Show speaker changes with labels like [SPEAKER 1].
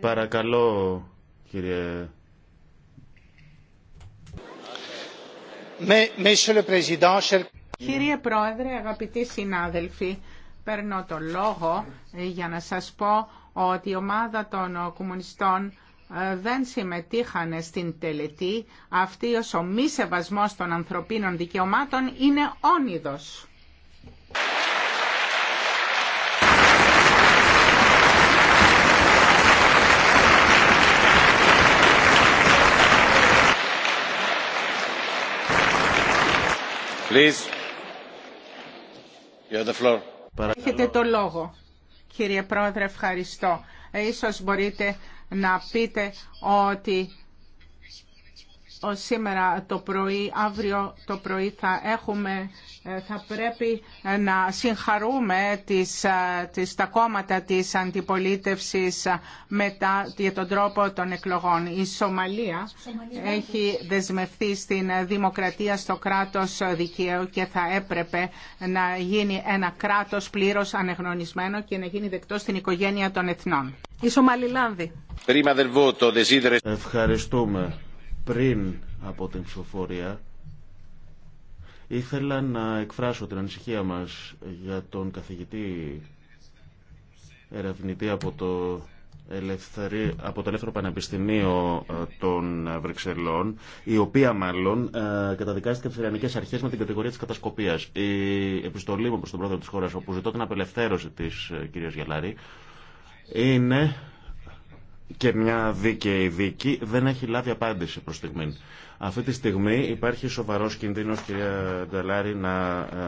[SPEAKER 1] Παρακαλώ, κύριε.
[SPEAKER 2] Κύριε Πρόεδρε, αγαπητοί συνάδελφοι, παίρνω το λόγο για να σας πω ότι η ομάδα των κομμουνιστών ε, δεν συμμετείχαν στην τελετή. Αυτή ο μη σεβασμός των ανθρωπίνων δικαιωμάτων είναι όνειδος. Έχετε το λόγο. Κύριε Πρόεδρε, ευχαριστώ. Ίσως μπορείτε να πείτε ότι σήμερα το πρωί, αύριο το πρωί θα έχουμε, ε, θα πρέπει ε, να συγχαρούμε ε, τις, τα κόμματα της αντιπολίτευσης μετά για τον τρόπο των εκλογών. Η Σομαλία, Σομαλία έχει δεσμευτεί στην δημοκρατία στο κράτος δικαίου και θα έπρεπε να γίνει ένα κράτος πλήρως ανεγνωρισμένο και να γίνει δεκτό στην οικογένεια των εθνών. Η Σομαλιλάνδη.
[SPEAKER 1] Ευχαριστούμε πριν από την ψηφοφορία ήθελα να εκφράσω την ανησυχία μας για τον καθηγητή ερευνητή από το Ελευθερή, από το Ελεύθερο Πανεπιστημίο ε, των Βρυξελών, η οποία μάλλον ε, καταδικάστηκε από τι Αρχές με την κατηγορία της κατασκοπίας. Η επιστολή μου προς τον πρόεδρο της χώρας, όπου ζητώ την απελευθέρωση της ε, κυρίας Γελάρη, είναι και μια δίκαιη δίκη δεν έχει λάβει απάντηση προς στιγμή. Αυτή τη στιγμή υπάρχει σοβαρός κινδύνος, κυρία Νταλάρη, να ε,